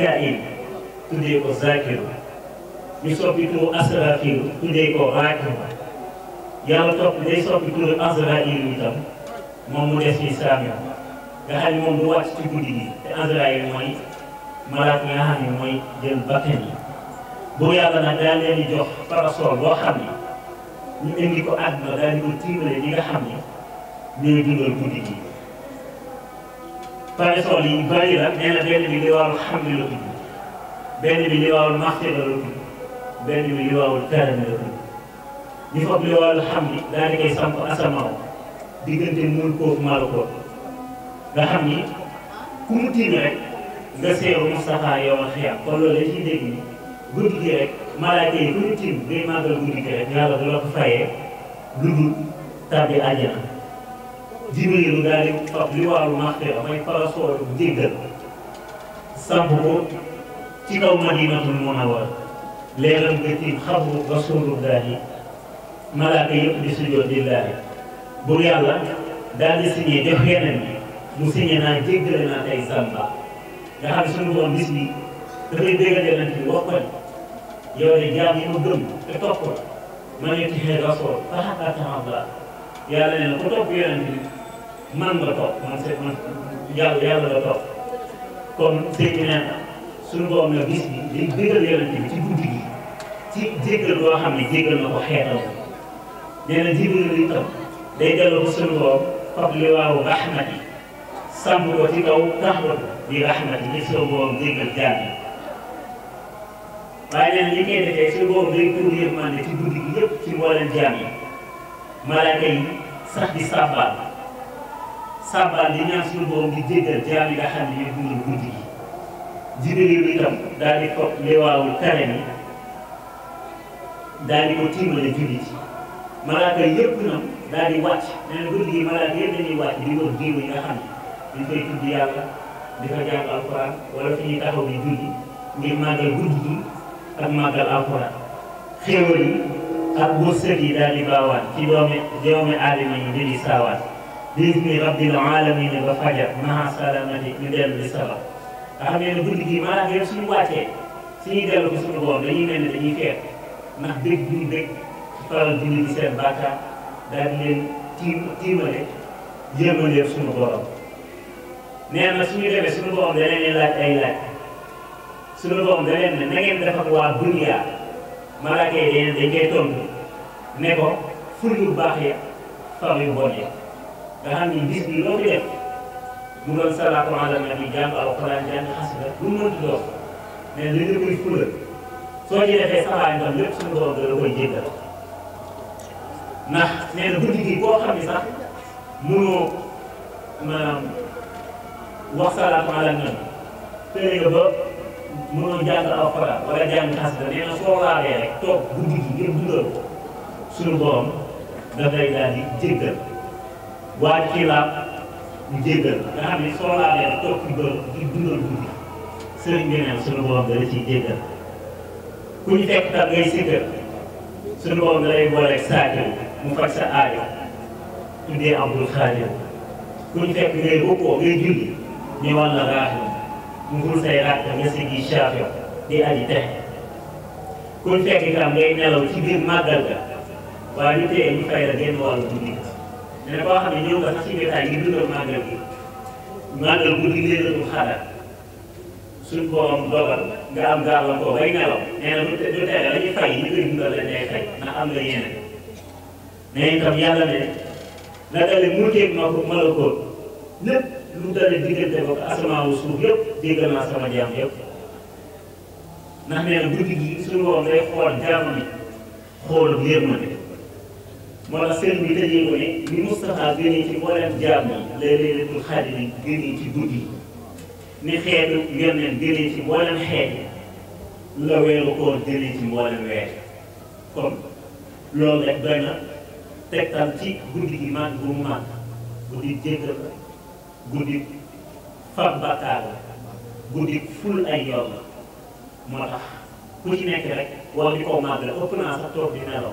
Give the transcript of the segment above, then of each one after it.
Mikaayil tuddee ko Zakiru ñu soppi turu Asrafilu tuddee ko Raakibu yàlla topp day soppi turu Azrailu itam moom mu des fi Saamir nga xam ne moom du wàcc ci guddi gi te Azrail mooy malaat nga xam ne mooy jël bakkan yi yàlla nag daal leen jox parasol boo xam ne ñu indi ko àdduna daal di ko tiimale ñi nga xam ne ñooy dundal guddi gi pare tool yu bari la nee na benn bi liwaawul xamdi la tudd benn bi liwaawul maxtila la tudd benn bi liwaawul karami la tudd ñu fab liwaawul xamdi daal di koy samp asamaaw diggante muul koofu maalo koot nga xam ni ku mu tiim rek nga seeru Moustapha yow a xiyam kon loolu dañ ciy dégg ni guddi gi rek malaaka yi ku ñu tiim ngay màggal guddi gi rek yàlla du la ko fayee lu dul tàbbi àjjana Jibriil daal di fab li waaru maxfira mooy parasooru njéggal samp ko ci kaw Madinatul Munawwara leeral nga tiim xabru rasulullahi malaaka yëpp di sujjoot lillahi buur daal di signé jox yeneen mu signé naa jéggale naa tey sàmba nga xam ne suñu borom bis bi dafay déggal yeneen bi wax yi ma gëm te topp la ma ne tixee rasool taxataa taxam la yàlla ne ko topp yeneen bi man nga toog man se man nga toog kon sëñ bi nee na na bis bi day dëggal yonent bi ci guddi gi ci jéggal loo xam ne jéggal na ko xeetal ko nee na jibril li ko suñu fab li waaw rahmati sàmm ko ci kaw tax di rahmati ngir suñu borom jéggal jaam yi waaye nee li koy defee suñu day tuur yërmande ci guddi gi yëpp ci mboolem jaam yi malaaka yi sax di sàbbaal sàbbal di ñaan suñu borom di jéggal jaam yi nga xam ne ñoo dundal guddi gi Jibril bi itam daal di ko lewaawul kare mi daal di ko timbale jullit yi malaaka yëpp nag daal di wàcc nee na guddi gi malaaka yëpp xam ne dañ koy tudd yàlla di fa jàng alquran wala fi ñuy taxaw di julli ngir màggal guddi gi ak màggal alquran xéewal yi ak wërsëg yi daal di baawaan ci doomi doomi aadama yi saawaat bismi rabbil alamin ba fajar maa salamati ñu dellu li saba nga xam ne ne guddi gi maanaam suñu wàccee suñuy dellu ko suñu borom dañuy mel ne dañuy feet ndax dëgg duñ dëgg faral julli gi seen bàkkaar daal di leen tiim tiimale yërmandeer suñu borom nee suñu demee suñu borom da leen laaj ay laaj suñu borom da leen ne na ngeen def ak waa duniyaa malaaka yi dañ koy tontu ne ko ful yu baax ya far yu bon ya nga xam ni bi loo ko def mu doon salaatu ala jàng alxuraan jàng xasida lu mu mënti doon mais li nga koy fula soo ci defee sabaa itam lépp suñu borom da koy jéggal ndax nee na guddi gi xam ni sax mënoo maanaam wax salaatu ala nabi tële ba mënoo jàng alxuraan wala jàng xasida nee na soo laalee rek toog guddi gi ngir dundal ko suñu borom dafay daal di jéggal. waa Kilaab mu jéggal nga xam ne soo laajee toog ci bërëb di dundal guddi sëriñ bi neen suñu borom dala ciy jéggal ku fekk tam ngay sikkal suñu borom dalay booleeg saakir mu faj sa aajo tuddee Abdul Xaadir ku ñu fekk ngay rukkoo ngay julli ñu wan la raaxi mu ful say ràkk nga sigi saafir di aji texe fekk itam ngay nelaw ci biir màggal ga waaye ñu téye ñu fay la génn wàllu guddi mais koo xam ne ñëw nga sax si jotaay yi dundal màggal gi màggal guddi léeg-léeg xaaral suñ borom dogal nga am gàllankoor bay nelaw nee na bu bu teel la ñuy fay ñu koy dundal lañ lay fay ndax am nga yeneen mais itam yàlla ne la dale mulkeeg ma ko malakoot lépp lu dale diggante ko asamaan wu suuf yëpp déggal naa sama jaam yëpp ndax nee na guddi gi suñu borom day xool jaam ni xool bu yërmande مراسل بيتجيوني من مصطفى زيني في قولة جامع لليلة الخادمة زيني في بودي نخيل يمن زيني في قولة حاجة لوين القول زيني في قولة واحدة كم لولا بنا تكتمتيك بودي إيمان بوما بودي جدر بودي فاق باتار بودي فول أيام مرح كوشي نكرك وليكو مادر أبنا سطور دينارو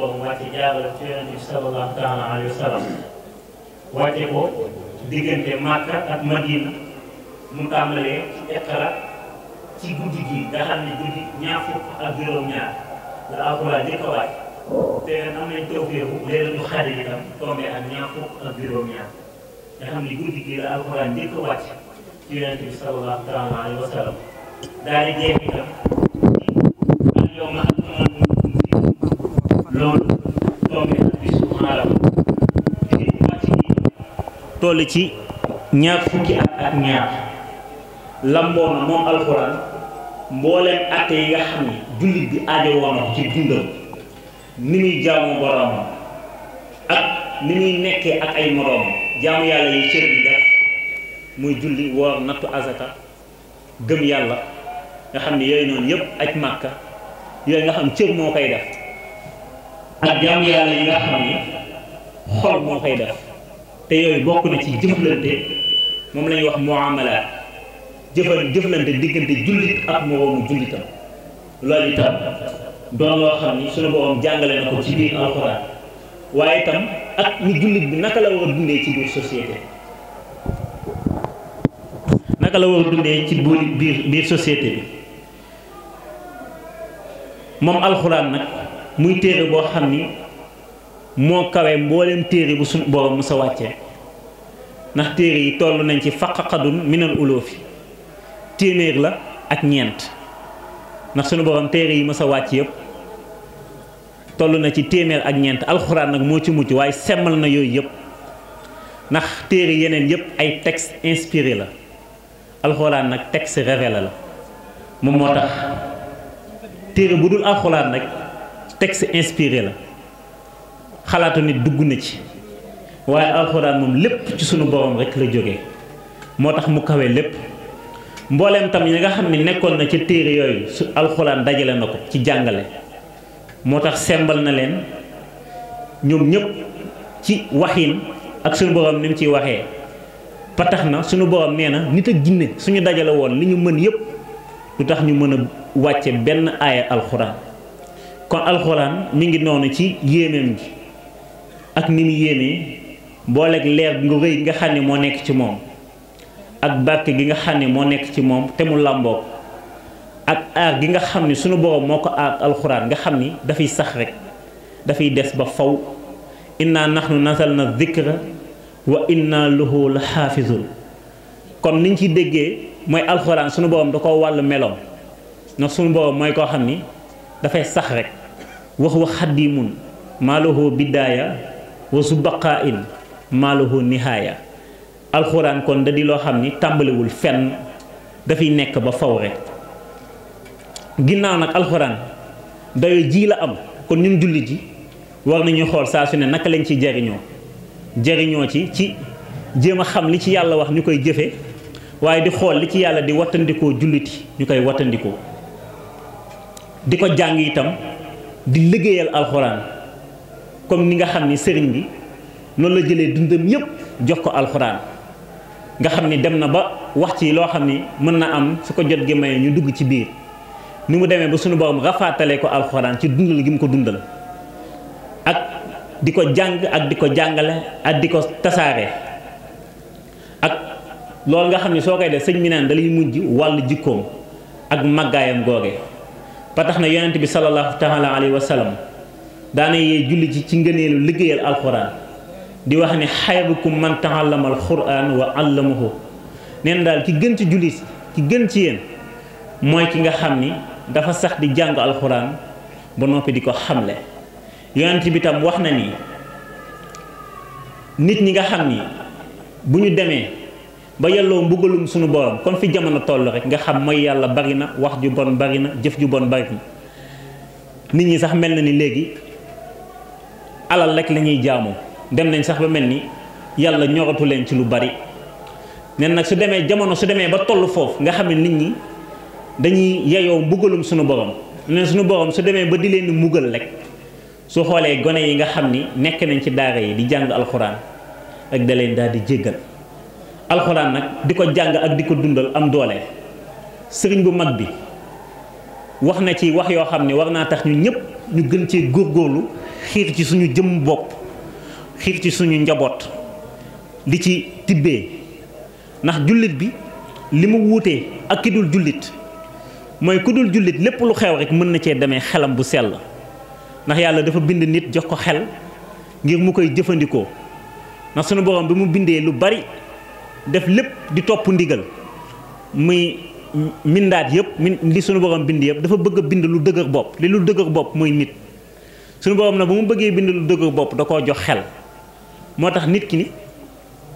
borom wàcce jaarale ci yonent bi sallallahu taala alayhi wa sallam ko diggante Màkka ak Madina mu tàmbalee ci Iqra ci guddi gi nga ne guddi ñaar ak juróom-ñaar la Alxuraan jëkk a wàcc te am nañ tawféeku Laylatul Qadr itam tombé ak ñaar ak juróom-ñaar nga ne guddi gi la Alxuraan jëkk a wàcc ci yonent bi sallallahu taala alayhi wa sallam daal toll ci ñaar fukki ak ñaar lamboo na moom alxuraan mbooleem atte yi nga xam ne jullit bi aajo woon ci dundam ni muy jaamu boroomam ak ni muy nekkee ak ay moroom jaamu yàlla yi cër bi def muy julli woor nattu azaka gëm yàlla nga xam ne yooyu noonu yëpp aj màkka yooyu nga xam cër moo koy def ak jaamu yàlla yi nga xam ne xol moo koy def te yooyu bokk na ci jëflante moom la ñuy wax muamalaat jëfan jëflante diggante jullit ak moroomu jullitam loolu itam doon loo xam ni suñu borom jàngale na ko ci biir alxuraan waaye itam ak ni jullit bi naka la war dundee ci biir société naka la war a dundee ci biir biir société bi moom alxuraan nag muy téere boo xam ni moo kawe mboolem téere bu su borom mu wàcce ndax téere yi toll nañ ci faqaqadun minal fi téeméer la ak ñeent ndax suñu borom téere yi mësa wàcc yépp toll na ci téeméer ak ñeent alxuraan nag moo ci mujj waaye semmal na yooyu yëpp ndax téere yeneen yëpp ay texte inspiré la alxuraan nag texte révélé la moom moo tax téere bu dul alxuraan nag texte inspiré la xalaatu nit dugg na ci waaye alxuraan moom lépp ci sunu borom rekk la jóge moo tax mu kawe lépp mbooleem tam ñi nga xam ne nekkoon na ci téere yooyu su alxuraan dajale na ko ci jàngale moo tax sembal na leen ñoom ñëpp ci waxin ak sunu borom ni mu ciy waxee ba na sunu borom nee na nit ak jinne suñu dajale woon li ñu mën yëpp lu tax ñu mën a wàcce benn aaya alxuraan kon alxuraan mi ngi noonu ci yéemeem gi ak ni mu yéemee booleeg leer ngu rëy nga xam ni moo nekk ci moom ak barke gi nga xam ne moo nekk ci moom te mu làmboo ak aar gi nga xam ne sunu borom moo ko aar alxuraan nga xam ni dafay sax rek dafay des ba faw inna nahnu nazalna dhikra wa inna lahu la xaafizun kon niñ ci déggee mooy alxuraan sunu borom da koo wàllu meloom ndax koo xam ni sax rek wax wa xaddimun maa lahu bidaaya wa su baqaa in maalahu nihaaya alxuraan kon da di loo xam ni tàmbaliwul fenn dafay nekk ba fowre rek ginnaaw nag alxuraan dayo ji la am kon ñun jullit ji war nañuy xool saa su ne naka lañ ci jariñoo jariñoo ci ci jéem a xam li ci yàlla wax ñu koy jëfe waaye di xool li ci yàlla di wattandikoo julliti ñu koy wattandikoo di ko jàng itam di liggéeyal alxuraan comme ni nga xamni ni bi non la jëlé joko yépp jox ko alxuraan nga xamni ni dem na ba wax ci lo xamni mën na am su ko jot gi may ñu dugg ci biir ni mu démé ba suñu borom rafaatale ko alxuraan ci dundal gi mu ko dundal ak di ko ak di ko ak di ko tasare. ak lool nga xamni ne soo koy def sëñ wal naan mujj wal jikko ak magayam patax na yonent bi sallallahu taala alayhi Wasallam daana yee julli ci ci ngëneelu liggeyal alquran di wax ni xaybukum man taallama alquran wa allamahu nen dal ki gën ci jullit ki gën ci yeen moy ki nga xamni dafa sax di jang alquran ba nopi diko xamle yonent bi tam wax na ni nit ñi nga xamni bu ñu ba yàlloo mbugalum suñu borom kon fi jamono toll rek nga xam moy yalla bari wax ju bon bari jëf ju bon bari nit ñi sax melni legi alal rek lañuy ñuy jaamu dem nañ sax ba mel ni yàlla ñoratu leen ci lu bari nen nag su demee jamono su demee ba toll foofu nga xam ne nit ñi dañuy yeyoo mbugalum sunu borom nen suñu borom su demee ba di leen mbugal rek su xoolee gone yi nga xam ni nekk nañ ci daara yi di jàng alxuraan rek da leen daal di jéggal alxuraan nag di ko jàng ak di ko dundal am dooleel sëriñ bu mag bi wax na ci wax yoo xam ne war naa tax ñu ñëpp ñu gën ci cee góorgóorlu xiir ci suñu jëm bopp xiir ci suñu njaboot di ci tibbee ndax jullit bi li mu wuutee ak ki dul jullit mooy ku dul jullit lépp lu xew rek mën na cee demee xelam bu sell ndax yàlla dafa bind nit jox ko xel ngir mu koy jëfandikoo ndax sunu borom bi mu bindee lu bari def lépp di topp ndigal muy mindaat yëpp min li sunu borom bind yëpp dafa bëgg a bind lu dëgër bopp li lu dëgër bopp mooy nit suñu borom na bu mu bëggee bind lu dëgg bopp da koo jox xel moo tax nit ki ni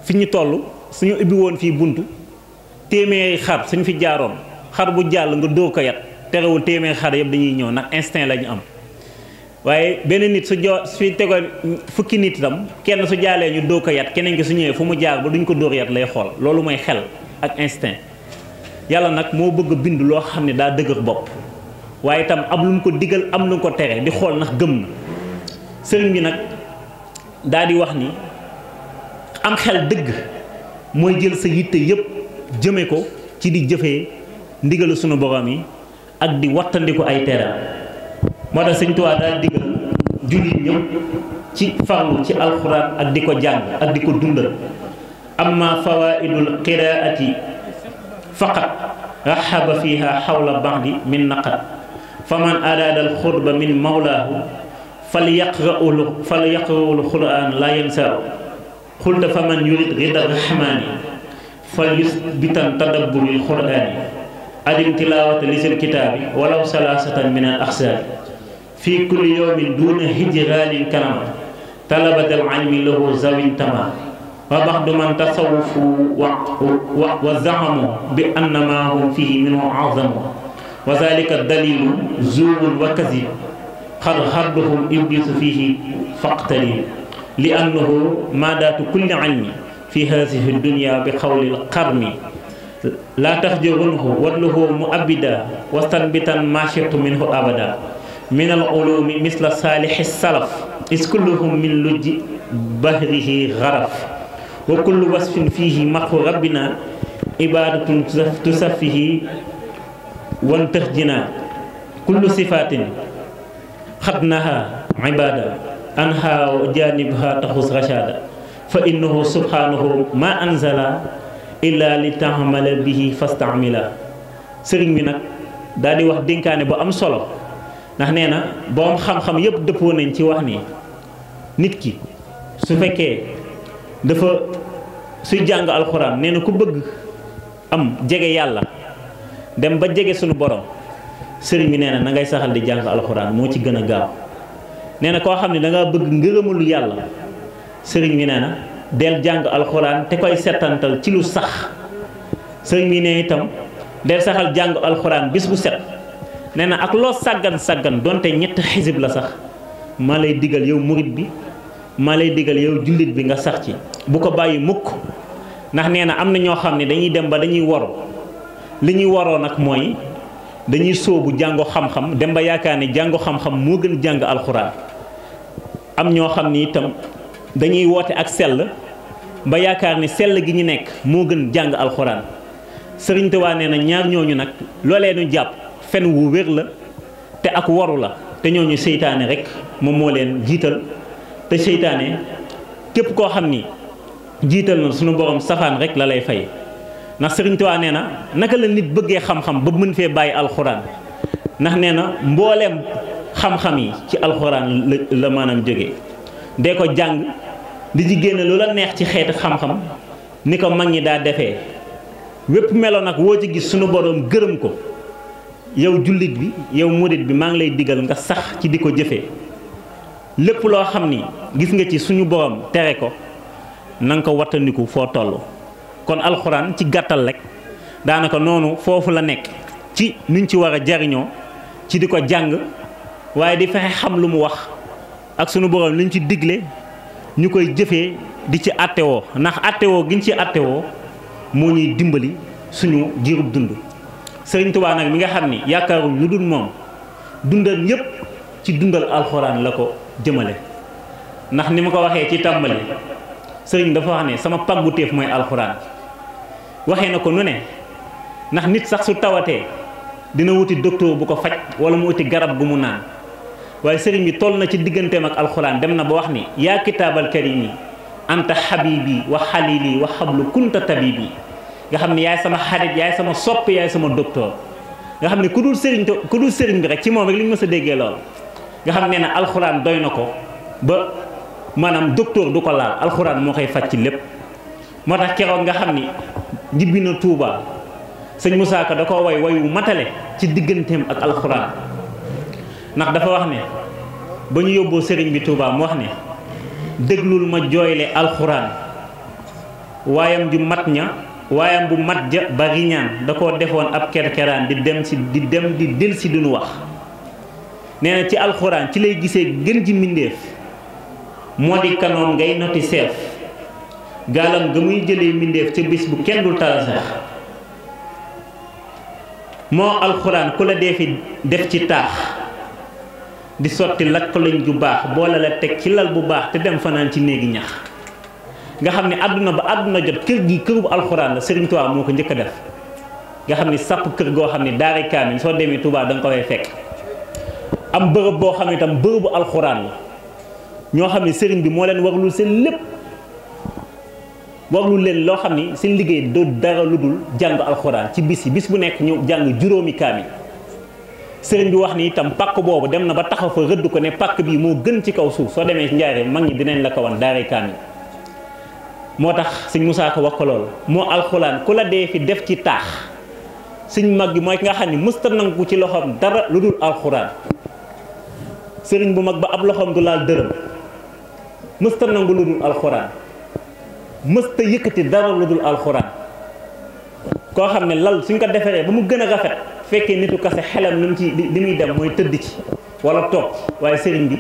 fi ñu toll suñu ubbi woon fii buntu téeméeri xar suñu fi jaaroon xar bu jàll nga dóor ko yat terewul téeméeri xar yëpp dañuy ñëw nag instinct la ñu am waaye benn nit su jo su tego fukki nit tam kenn su jaalee ñu dóor ko yat keneen ki su ñëwee fu mu jaar ba duñ ko dóor yat lay xool loolu mooy xel ak instinct yàlla nag moo bëgg bind loo xam ne daa dëgër bopp waaye itam am lu mu ko digal am lu mu ko tere di xool ndax gëm na sëriñ bi nag daal di wax ni am xel dëgg mooy jël sa yitte yépp jëme ko ci di jëfee ndigalu sunu borom yi ak di wattandiku ay teeral moo tax sëñ Tuubaa daal digal jullit ñëpp ci farlu ci alxuraan ak di ko jàng ak di ko dundal amma fawaidul qiraati faqat raxaba fiha xawla bandi min naqat فمن أراد الخطبة من مولاه فليقرأ فليقرأ القرآن لا ينساه قلت فمن يريد غدا الرحمن فليثبت تدبر القرآن أدم تلاوة لسل الكتاب ولو ثلاثة من الأحزاب في كل يوم دون هجران كرما طلبة العلم له زو تمام وبعد من تصوفوا وزعموا بأن ما هم فيه منه أعظم وذلك الدليل زوم وكذب قد غرهم إبليس فيه فاقتلي لأنه مادة كل علم في هذه الدنيا بقول القرن لا تخجرنه وله مؤبدا واستنبتا ما شئت منه أبدا من العلوم مثل صالح السلف إذ كلهم من لج بهره غرف وكل وصف فيه مقر ربنا عبادة تسفه wal tahjina kullu sifatin khadnaha ibada anha wa janibha tahus rashada fa innahu subhanahu ma anzala illa li ta'mala bihi fasta'mila serign bi nak dali wax dinkane bu am solo nah nena, bo am xam xam yeb depo nañ ci wax ni nit ki su fekke dafa su jang alquran neena ku beug am jege yalla dem ba jege suñu borom sëriñ bi nee na ngay saxal di jàng alxuraan mo ci gëna gaaw nee ko xamni da nga bëgg ngërëmul yalla sëriñ bi del jàng alxuraan te koy settantal ci lu sax sëriñ bi nee itam del saxal jàng alxuraan bis bu set nee ak lo saggan saggan donte ñett hizib la sax ma lay digal yow mourid bi ma lay digal yow julit bi nga sax ci bu ko bayyi mukk ndax nee amna ño xamni dañuy dem ba dañuy li ñuy waroo nag mooy dañuy sóobu jàngo xam-xam dem ba yaakaar ni jàngo xam-xam moo gën jàng alxuraan am ñoo xam ni itam dañuy woote ak sell ba yaakaar ni sell gi ñu nekk moo gën jàng alxuraan Sëriñ Tuubaa nee na ñaar ñooñu nag looleenu jàpp fen wu wér la te ak waru la te ñooñu seytaane rek moom moo leen jiital te seytaane képp koo xam ni jiital na sunu borom safaan rek la lay fay. ndax Serigne nee na naka la nit bëggee xam-xam ba mën fee bàyyi alxuraan ndax nee na mbooleem xam-xam yi ci alxuraan la la maanaam jógee dee ko jàng di ci génn lu la neex ci xeet xam-xam ni ko mag ñi daa defee wépp melo nag woo ci gis suñu boroom gërëm ko yow jullit bi yow murit bi maa ngi lay digal nga sax ci di ko jëfee lépp loo xam ni gis nga ci suñu boroom tere ko na ko wattandiku foo toll. kon alxuraan ci gàttal rek daanaka noonu foofu la nekk ci nuñ ci war a jariñoo ci di ko jàng waaye di fexe xam lu mu wax ak sunu borom liñ ci digle ñu koy jëfee di ci àttewoo ndax àttewoo giñ ci àttewoo moo ñuy dimbali suñu jiirub dund sëriñ Tuubaa nag mi nga xam ni yaakaaruñ lu dul moom dundal yépp ci dundal alxuraan la ko jëmale ndax ni ma ko waxee ci tàmbali sëriñ dafa wax ne sama pàgguteef mooy alxuraan waxee na ko nu ndax nit sax su tawaté dina wuti docteur bu ko fajj wala mu wuti garab gu mu nan waaye serigne bi toll na ci digënté mak alcorane dem na ba wax ni ya kitabal karimi anta habibi wa halili wa hablu kunta tabibi nga xamni yaay sama xarit yaay sama sopp yaay sama docteur nga xamni ne ku dul serigne ku dul sëriñ bi rek ci mom rek liñu mësa déggé lool nga xamné na alcorane doyna ko ba manam docteur du ko laal alcorane mo xey faj lépp motax kéro nga xamni jibbi tuba touba seigne moussa ka dako way wayu matale ci digëntem ak alquran nak dafa wax ne bañu yobbo seigne bi touba mo wax ne deglul ma joyle alquran wayam ju matnya wayam bu mat ja bari ñaan da didem didel ab kerkeran di dem ci di dem di del ci duñu wax neena ci alquran ci lay gisee gën ji mindeef modi kanon ngay noti chef galam gi muy jëlee mbindeef ca bis bu kenn dul taal sax moo alxuraan ku la dee def ci taax di sotti lakk lañ ju baax boole la teg ci lal bu baax te dem fanaan ci néegi ñax nga xam ne ba àdduna jot kër gi këru alxuraan la Serigne Touba kan, moo ko njëkk a def nga xam ne sàpp kër goo xam ne daara kaamil soo demee da nga ko fay fekk am bërëb boo xam ne tam bërëbu alxuraan la ñoo xam ne sëriñ bi moo leen warlul seen lépp warlu len lo xamni seen liggey do dara lu jang alquran ci bis bis bu nek ñu jang juromi kaamil sëriñ bi wax ni tam pak bobu dem na ba taxaw fa rëdd ko ne pak bi mo gën ci kaw suuf deme ci njaare mag ni dinañ la ko won dara kaamil motax seigne Moussa ko wax ko lol mo alquran kula de fi def ci tax seigne mag moy nga xamni musta nangu ci loxam dara lu alquran alxuraan bu mag ba ab loxam du laal deureum musta nangu lu alquran mësta yëkkati dara lu dul alxuraan koo lal suñ ko defaree ba mu gën a rafet fekkee nitu kase xelam nu mu ci li muy dem mooy tëdd ci wala toog waaye sëriñ bi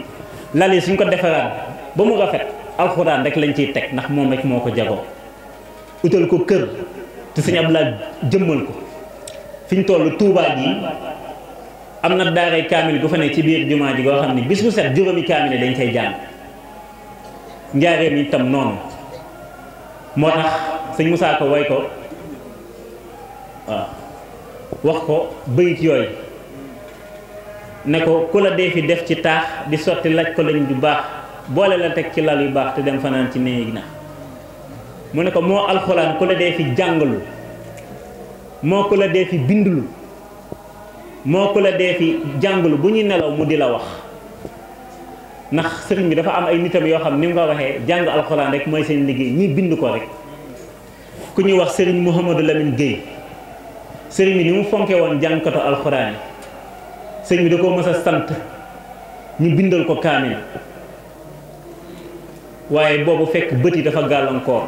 lal yi suñ ko defaraat ba mu rafet alxuraan rek lañ ciy teg ndax moom rek moo ko jagoo ko kër te suñu ab jëmmal ko fiñ tollu touba ji am na daaray bu fa ne ci biir jumaa ji goo xam set juromi kamil dañ cay jàng mi tam non moo tax sëñ Moussa ko way ko waaw wax ko bëyit yooyu ne ko ku la dee fi def ci taax di sotti laaj ko lañ bu baax boole la teg ci lal yu baax te dem fanaan ci néeg na mu ne ko moo alxuraan ku la dee fi jàngalu moo ku la dee fi bindulu moo ku la dee fi jàngalu bu ñuy nelaw mu di la wax ndax sëriñ bi dafa am ay nitam yoo xam ni mu nga waxee jàng alxuraan rek mooy seen liggéey ñii bind ko rek ku ñuy wax sëriñ Mouhamadou Lamine Guèye sëriñ bi ni mu fonke woon jàngkatu alxuraan yi sëriñ bi da koo mës sant ñu bindal ko kaamil waaye boobu fekk bët yi dafa gàllankoor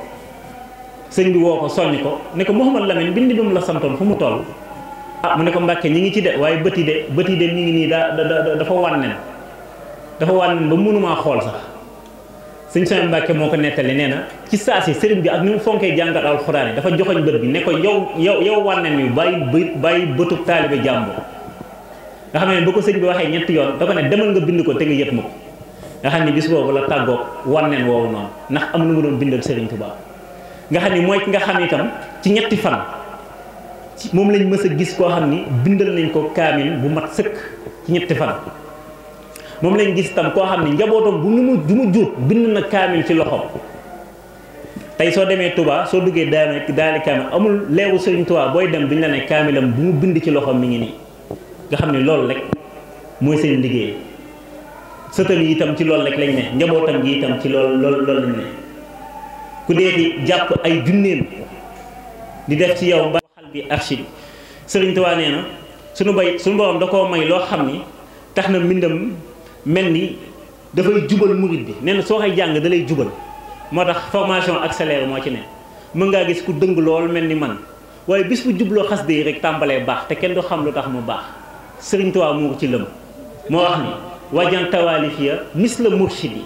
sëñ bi woo ko soññ ko ne ko Mouhamadou Lamine bind bi mu la santoon fu mu toll ah mu ne ko Mbàkke ñi ngi ci de waaye bët yi de bët yi de ñu ngi nii daa da dafa wànneen dafa wànn ba mënumaa xool sax sëñ Sooy Mbàkke moo ko nettali nee na ci saa si sëriñ bi ak ni mu fonkee jàngat alxuraan yi dafa joxoñ bët bi ne ko yow yow yow wànnen mi bàyyi bë bàyyi bëtub taalibe jàmbur nga xam ne ba ko sëñ bi waxee ñetti yoon dafa ko ne demal nga bind ko te nga yëpp ma ko nga xam ne bis boobu la tàggoog wànneen woowu noonu ndax am lu mu doon bindal sëriñ Tuubaa nga xam ne mooy ki nga xam itam ci ñetti fan moom lañ mës a gis koo xam ni bindal nañ ko kaamil bu mat sëkk ci ñetti fan moom lañ gis tam koo xam ne njabootam bu mu du mu juut bind na kaamil ci loxoom tey soo demee tubaa soo duggee daal daali kaamil amul leewu Sëriñ Touba booy dem duñ la ne kaamilam bu mu bind ci loxoom mi ngi nii nga xam ne loolu rek mooy seen liggéey sëtam yi itam ci loolu rek lañ ne njabootam gi itam ci lool loolu loolu ne ku dee di jàpp ay junneem di def ci yow ba xal bi archi bi Sëriñ Touba nee na sunu bay sunu borom da koo may loo xam ni tax na mbindam melni da fay jubal mourid bi nee so xay jàng dalay lay jubal moo formation accélérée mo ci ne mën nga gis ku deung lol melni man waaye bis bu jubloo xas de rek tambalé bax te kenn do xam lu tax mu bax serigne touba mo ci leum mo wax ni wajan tawalifiya mis murshidi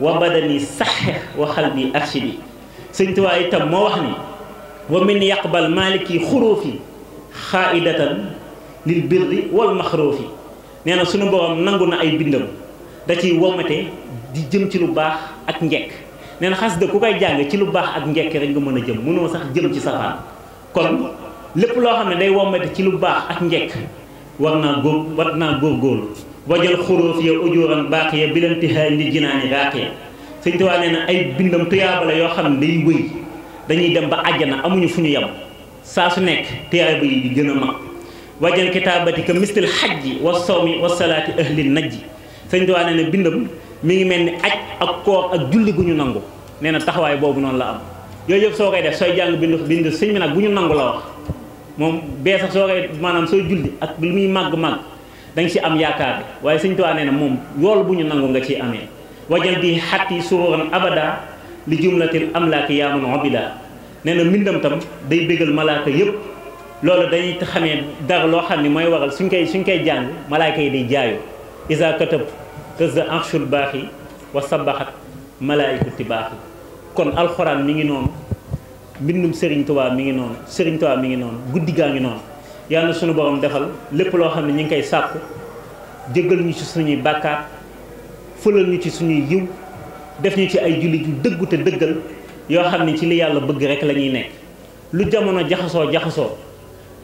wa badani sahih wa khalbi arshidi serigne touba itam mo wax ni wa min yaqbal maliki khurufi xaaidatan lil birri wal maxruufi nee na suñu borom nangu na ay bindam da ciy womate di jëm ci lu baax ak njekk nee xas xasida ku koy jàng ci lu baax ak njekk rek nga mën a jëm mënoo sax jëm ci safaan kon lépp loo xam ne day womate ci lu baax ak njekk war naa góor war naa góorgóorlu wajal xuróof ya ujuran baax ya bilantihaay ndi jinaani raaq ya sëñ Tuubaa nee na ay bindam tuyaaba la yoo xam ne day wëy dañuy dem ba àjjana amuñu fu ñu yem saa su nekk tuyaaba yi gën a mag wajal kitaabati ka mistil xajji wa sawmi wa salaati ahli najji sëñ Tuubaa nee na bindam mi ngi mel ni aj ak koor ak julli gu ñu nangu nee na taxawaay boobu noonu la am yooyu yëpp soo koy def sooy jàng bind bind sëñ bi nag bu ñu nangu la wax moom bee sax soo koy maanaam sooy julli ak lu muy màgg-màgg danga ci am yaakaar bi waaye sëñ Tuubaa nee na moom yool bu ñu nangu nga ciy amee wajal bi xatti sururan abada li jumlatil amlaaki yaa man obida nee na mbindam tam day bégal malaaka yëpp loolu dañuy xamee dara loo xam ne mooy waral suñ koy suñ koy jàng malaayka yi day jaayoo isa katab tëzza anchul baax yi wa sabaxat malaayku ti baax yi kon alxuraan mi ngi noonu mbindum sëriñ Touba mi ngi noonu Serigne Touba mi ngi noonu guddi gaa ngi noonu yàlla na suñu borom defal lépp loo xam ne ñu ngi koy sàkku jéggal ñu ci suñuy bàkkaar fëlal ñu ci suñuy yiw def ñu ci ay jullit yu dëggu te dëggal yoo xam ne ci li yàlla bëgg rek lañuy ñuy nekk lu jamono jaxasoo jaxasoo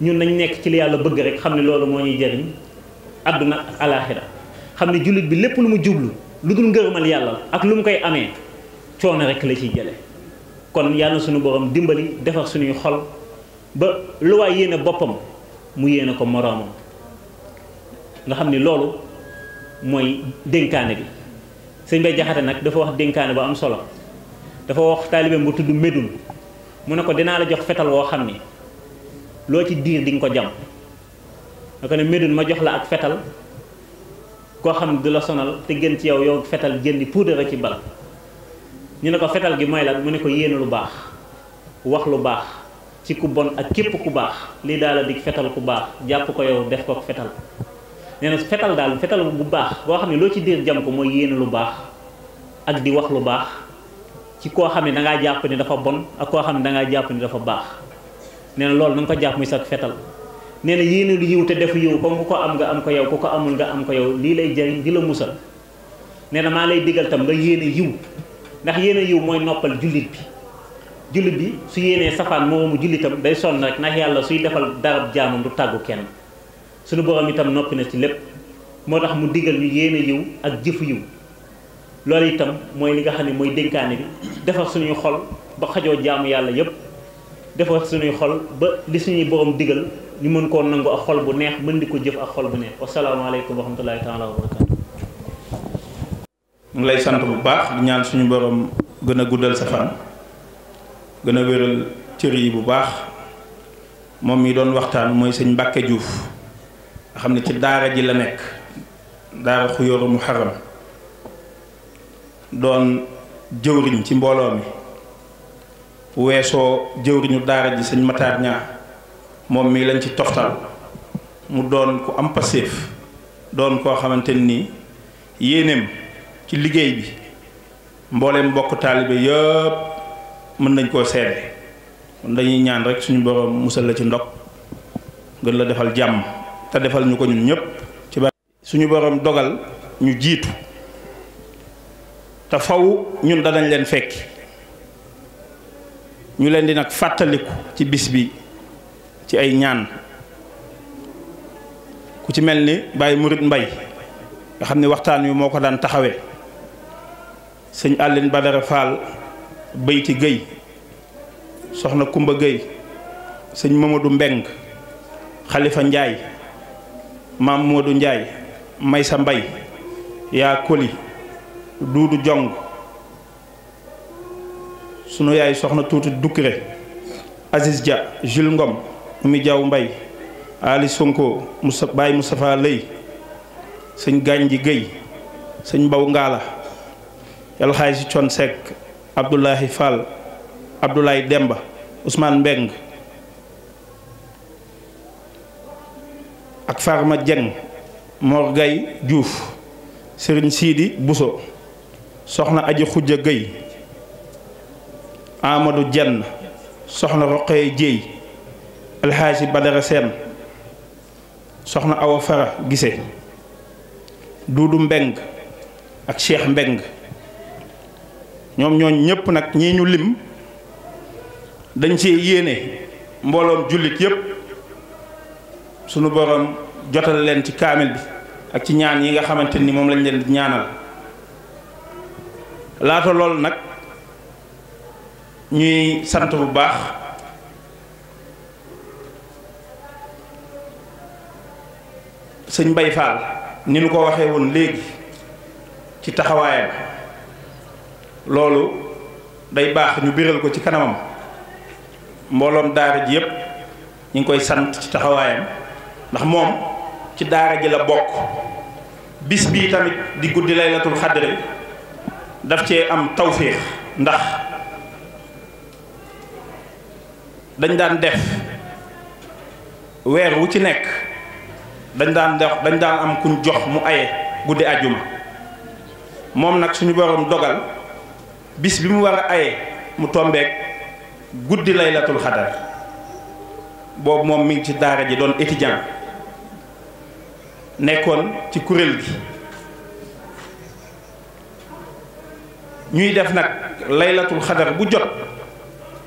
ñun nañ nekk ci li yàlla bëgg rek xam ne loolu moo ñuy jëriñ àdduna ak alaxira xam ne bi lépp lu mu jublu lu dul ngërëmal yàlla ak lu mu koy amee coono rek la ciy jële kon yàlla suñu borom dimbali defar suñuy xol ba lu waay yéene boppam mu yéene ko moroomam nga xam ne loolu mooy dénkaane bi sëñ bay jaxate nag dafa wax dénkaane ba am solo dafa wax taalibeem bu tudd medul mu ne ko dinaa la jox fetal woo xam lo ci diir di ko jam naka ne medun ma jox la ak fetal ko xam du la sonal te gën ci yow yow fetal di poudre ci bal ñu ne ko fetal gi mooy la mu ne ko yéene lu baax wax lu baax ci ku bon ak képp ku baax lii daala dig fetal ku baax jàpp ko yow def ko fetal nee fetal daal fetal bu baax boo xam ne loo ci diir jam ko mooy yéene lu baax ak di wax lu baax ci koo xam ne da ngaa jàpp ni dafa bon ak koo xam ne da ngaa jàpp ni dafa baax nee na loolu na nga ko jàpp muy sax fetal nee na yéene lu yiw te defu yiw comme ku ko am nga am ko yow ku ko amul nga am ko yow lii lay jëriñ di la musal nee na maa lay diggal tam nga yéene yiw ndax yéene yiw mooy noppal jullit bi jullit bi su yéenee safaan mu jullitam day sonn rek ndax yàlla suy defal darab jaamam du tàggu kenn suñu borom itam noppi na ci lépp moo tax mu diggal ñu yéene yiw ak jëfu yiw loolu itam mooy li nga xam ne mooy dénkaane bi defar suñuy xol ba xajoo jaamu yàlla yépp defar suñuy xol ba li suñuy borom digal ñu mën koo nangu ak xol bu neex mën di ko jëf ak xol bu neex wasalaamaaleykum wa rahmatulahi taala wa barakatu mu lay sant bu baax di ñaan suñu borom gën a guddal sa gën a cër yi bu baax moom mi doon waxtaan mooy sëñ Mbàkke juuf nga xam ne ci daara ji la nekk daara Xuyóoru Muharram doon jëwriñ ci mbooloo mi weesoo jëwriñu daara ji sëñ Matar ñaa moom mii lañ ci toftal mu doon ku am passeef doon koo xamante nii yéenéem ci liggéey bi mbooleem bokk taalibe yëpp mën nañ koo seede kon dañuy ñaan rek suñu borom musal la ci ndog gën la defal jàmm te defal ñu ko ñun ñëpp ci ba suñu borom dogal ñu jiitu te faw ñun danañ leen fekki ñu leen di nag fàttaliku ci bis bi ci ay ñaan ku ci mel ni Baye Murit Mbay nga xam ne waxtaan wi moo ko daan taxawee sëñ Aline Badara Fall Bayti Guèye soxna Kumba Guèye sëñ Mamadou Mbeng Xalifa Njaay Maam Moodu Njaay Maysa Mbay yaa Koli Duudu Jong sunu yaay soxna tuuti Dukkure Aziz Dia Jules Ngom Oumy Diaw Mbaye Ali Sonko Moussa Baye Moustapha Lay sëñ Gànji Guèye sëñ Mbaw Ngaala Yalxaay si Thione Seck Abdoulahi Fall Demba Ousmane Mbeng ak Farma Dieng Mor Gay Diouf Serigne Sidi soxna Aji Xujja Guèye Amadou Jenn soxna Roqee Jéey alxaaji Badara Seen soxna Awa Fara Gise Duudu Mbeng ak Cheikh Mbeng ñoom ñooñ ñépp nag ñii ñu lim dañ ci yéene mbooloom jullit yépp sunu boroom jotal leen ci kaamil bi ak ci ñaan yi nga xamante ni moom lañ leen di ñaanal laata loolu nag ñuy sant bu baax sëñ bay Fall ni nu ko waxee woon léegi ci taxawaayam loolu day baax ñu biral ko ci kanamam mbooloom daara ji yépp ñu ngi koy sant ci taxawaayam ndax moom ci daara ji la bokk bis bii tamit di guddi laylatul xadri daf cee am tawféex ndax dañ daan def weer wu ci nekk dañ daan def dañ daan am kuñ jox mu aye guddi àjjuma moom nag suñu borom dogal bis bi mu war a aye mu tombeek guddi laylatul xadar boobu moom mi ci daara ji doon étudiant nekkoon ci kuréel gi ñuy def nag laylatul xadar bu jot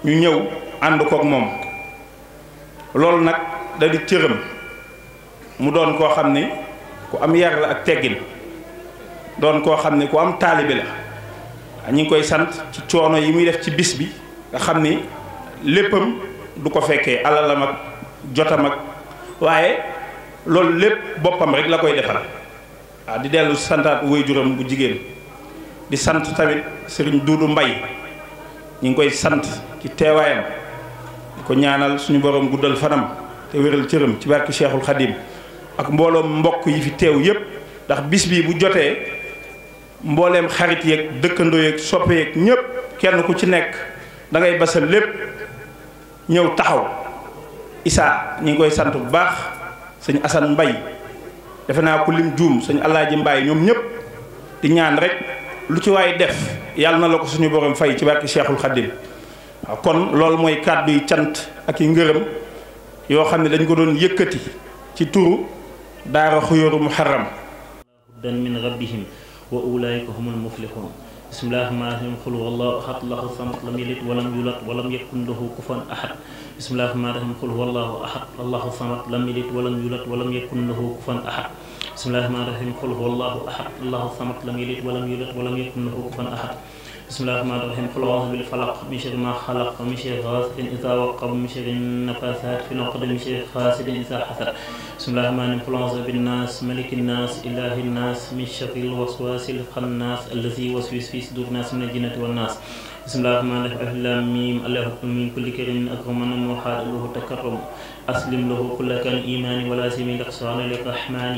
ñu ñëw ànd kook moom loolu nag da cëram mu doon koo xam ni ku am yar la ak teggin doon koo xam ni ku am taalibe la ñu ngi koy sant ci coono yi muy def ci bis bi nga xam ni léppam du ko fekkee alalam ak jotam ak waaye loolu lépp boppam rek la koy defal waaw di dellu santaat waajuram bu jigéen di sant tamit sëriñ Duudu Mbay ñu ngi koy sant ci teewaayam ko ñaanal suñu borom guddal fanam te wéral cëram ci barki Cheikhul Khadim ak mbooloom mbokk yi fi teew yépp ndax bis bi bu jotee mbooleem xarit yeeg dëkkandoo yeeg sopp yeeg ñépp kenn ku ci nekk dangay ngay basal lépp ñëw taxaw Issa ñu ngi koy sant bu baax sëñ Assane Mbay defe naa ko lim juum sëñ Alaaji mbay ñoom ñëpp di ñaan rek lu ci waay def yàlla na la ko suñu borom fay ci barki Cheikhul Khadim waaw kon loolu mooy kàddu yi cant ak yi ngërëm yoo xam ne dañ ko doon yëkkati ci turu daara xuyóoru muharram dan min rabbihim wa ulaayika humul muflixuun bismillaahi rahmaani rahiim xul wallaahu ahad lahu samad lam yalid walam yulad walam yakun lahu kufuwan ahad bismillaahi rahmaani rahiim xul wallaahu ahad lahu samad lam yalid walam yulad walam yakun lahu kufuwan ahad bismillaahi rahmaani rahiim xul wallaahu ahad lahu samad lam yalid walam yulad walam yakun lahu kufuwan ahad بسم الله الرحمن الرحيم قل اعوذ بالفلق من شر ما خلق من شر غاسق اذا وقب من شر النفاثات في العقد من شر حاسد اذا حسد بسم الله الرحمن الرحيم قل اعوذ بالناس ملك الناس اله الناس من شر الوسواس الخناس الذي يوسوس في صدور الناس من الجنه والناس بسم الله الرحمن الرحيم الله ميم الله اكبر من كل كريم اكرم من موحد له تكرم أسلم له كل كان ايماني ولا سمي الإقصان للرحمن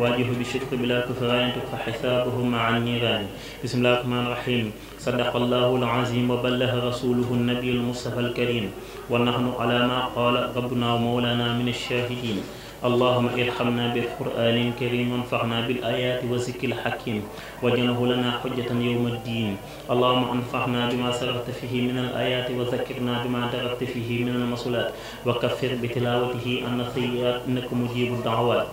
واجه بالشرك بلا كفران تبقى حسابه مع النيران بسم الله الرحمن الرحيم صدق الله العظيم وبلغ رسوله النبي المصطفى الكريم ونحن على ما قال ربنا ومولانا من الشاهدين اللهم ارحمنا بالقرآن الكريم وانفعنا بالآيات وذكر الحكيم وجنه لنا حجة يوم الدين اللهم انفعنا بما سرقت فيه من الآيات وذكرنا بما تركت فيه من المصلات وكفر بتلاوته أن خيرات إنك مجيب الدعوات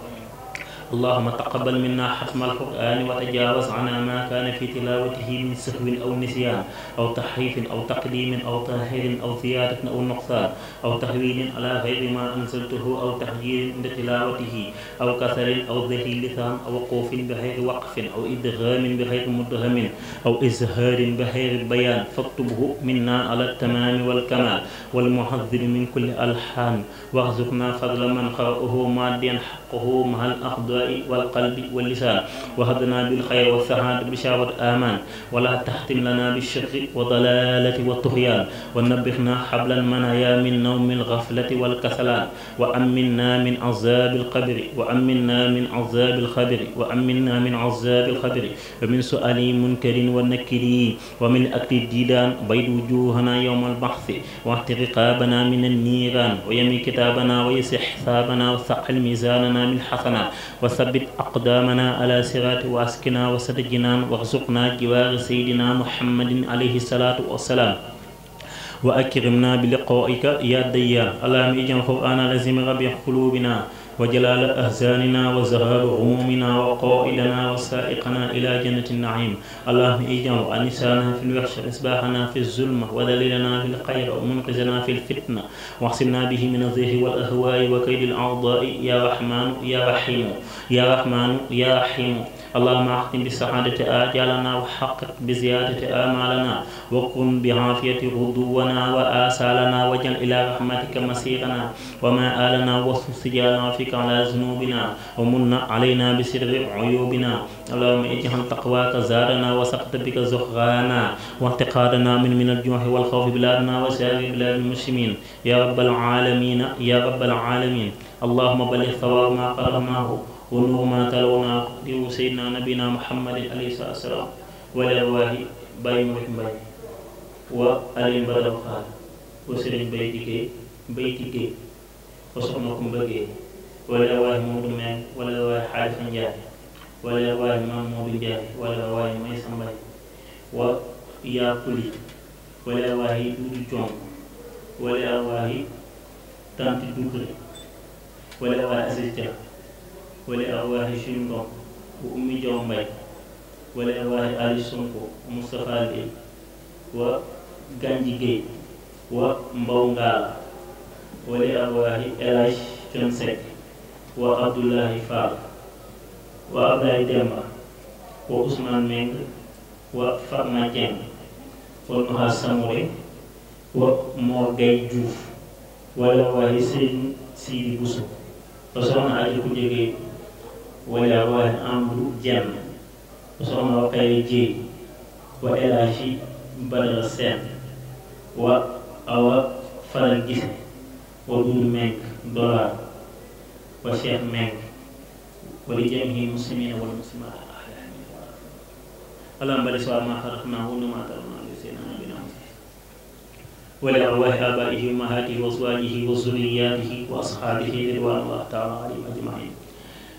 اللهم تقبل منا حفظ القرآن وتجاوز عنا ما كان في تلاوته من سهو أو نسيان أو تحريف أو تقديم أو تاهيل أو زيادة أو نقصان أو تهويل على غير ما أنزلته أو تهجير عند تلاوته أو كثر أو ذليل لسان أو وقوف بغير وقف أو إدغام بغير مدغم أو إزهار بغير بيان فاكتبه منا على التمام والكمال والمحذر من كل ألحان وارزقنا فضل من قرأه ماديا حقه مع الأخضر والقلب واللسان وهبنا بالخير والسعادة بشاوة آمان ولا تحتم لنا بالشر وضلالة والطغيان ونبهنا حبل المنايا من نوم الغفلة والكسلان وأمنا من عذاب القبر وأمنا من عذاب الخبر وأمنا من عذاب الخبر ومن سؤال منكر والنكر ومن أكل الديدان بيد وجوهنا يوم البحث واحترقابنا رقابنا من النيران ويمي كتابنا ويسح حسابنا وثقل ميزاننا من حسنا وثبت أقدامنا على صراط واسكنا وسط جنان وارزقنا جوار سيدنا محمد عليه الصلاة والسلام وأكرمنا بلقائك يا ديان اللهم اجعل القرآن لزم ربيع قلوبنا وجلال أهزاننا وزهاب غمومنا وقائدنا وسائقنا إلى جنة النعيم اللهم اجعل أنسانا في الوحش إصباحنا في الظلمة وذليلنا في الخير ومنقذنا في الفتنة واحسبنا به من الزيه والأهواء وكيد الأعضاء يا رحمن يا رحيم يا رحمن يا رحيم اللهم اختم بالسعادة آجالنا وحقق بزيادة آمالنا وكن بعافية غدونا وآسالنا واجعل إلى رحمتك مسيرنا وما آلنا واصف فيك على ذنوبنا ومن علينا بسر عيوبنا اللهم اجعل تقواك زارنا وسقط بك زخرانا وانتقادنا من من الجوع والخوف بلادنا وسائر بلاد المسلمين يا رب العالمين يا رب العالمين اللهم بلغ ثواب ما قرناه خذوا ما تلونا ديو سيدنا نبينا محمد عليه الصلاة والسلام ولله باي محمد وعلي بدر خال وسرين بيتك بيتك وصحنكم بقي ولله مدمن ولله حارث جاه ولله محمود جاه ولله ميسم بني ويا كلي ولله دود جون ولله تانت دوكري ولله أسجتها wala arwaaxi suñu ngom bu ummi jow mbay wala ali sonko moustapha gueye wa ganji gueye wa mbaw ngaala wala arwaaxi elaj con seck wa abdoulahi fall wa ablaye demba wa ousmane meng wa farma dieng wa noha samouré wa mor gay diouf wala waaye sëriñ siidi busu wa soxna aji ku jege ولا رواه أمر جم وصرم وقيل جي وإلى في بدر السام وأو فرق جسم ودود منك دولار وشيخ منك ولجميع المسلمين والمسلمات اللهم بارك سواء ما خلقناه وما ترنا لسيدنا بنا ولأرواح آبائه وأمهاته وأزواجه وذرياته وأصحابه رضوان الله تعالى عليهم أجمعين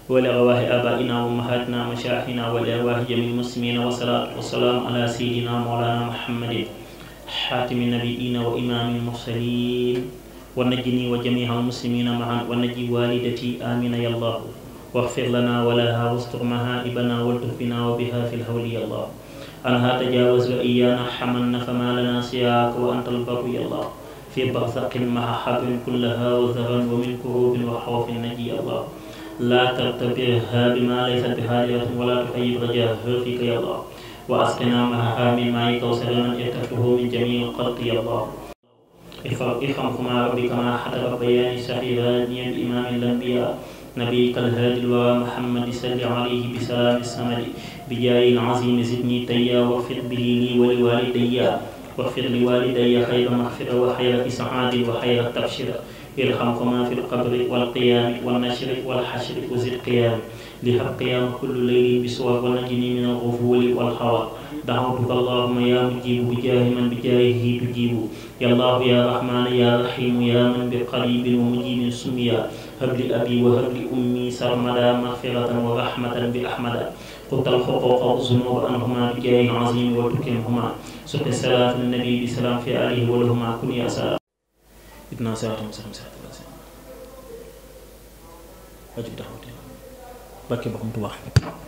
ولأرواح آبائنا وأمهاتنا ومشايخنا ولأرواح جميع المسلمين والصلاة والسلام على سيدنا مولانا محمد حاتم النبيين وإمام المرسلين ونجني وجميع المسلمين معا ونجي والدتي آمين يا الله واغفر لنا ولها واستر مهائبنا والتفنا وبها في الهول يا الله أنها تجاوز وإيانا حملنا فما لنا سياك وأنت البر يا الله في برزق مع حب كلها وزغا ومن كروب وخوف نجي يا الله لا تقتطعها بما ليست بحاجة ولا تخيب رجاءها فيك يا الله وأسقنا معها من مائك وسلاما يكفه من جميع القلق يا الله افرقهما ربي كما حضر بيان سعيداني الإمام الأنبياء نبيك الهادي ومحمد صلى عليه بسلام السمد بجاه العظيم زدني تيا واغفر به لي ولوالدي واغفر لوالدي خير مغفرة وخير إسعاد وخير تبشرة في الخنقمة في القبر والقيام والنشر والحشر وزد قيام لها القيام كل ليل بسوى ونجني من الغفول والهوى دعوتك اللهم يا مجيب بجاه من بجاهه تجيب يا الله يا رحمن يا رحيم يا من بقريب ومجيب سميا هب لأبي وهب لأمي سرمدا مغفرة ورحمة بأحمد قلت الحقوق والذنوب أنهما بجاه عظيم وتكلمهما سق الصلاة النبي بسلام في آله ولهما كن يا سلام a siraatal mustaqiim siraatal laziina an'amta alayhim. Mbàkke borom Tuubaa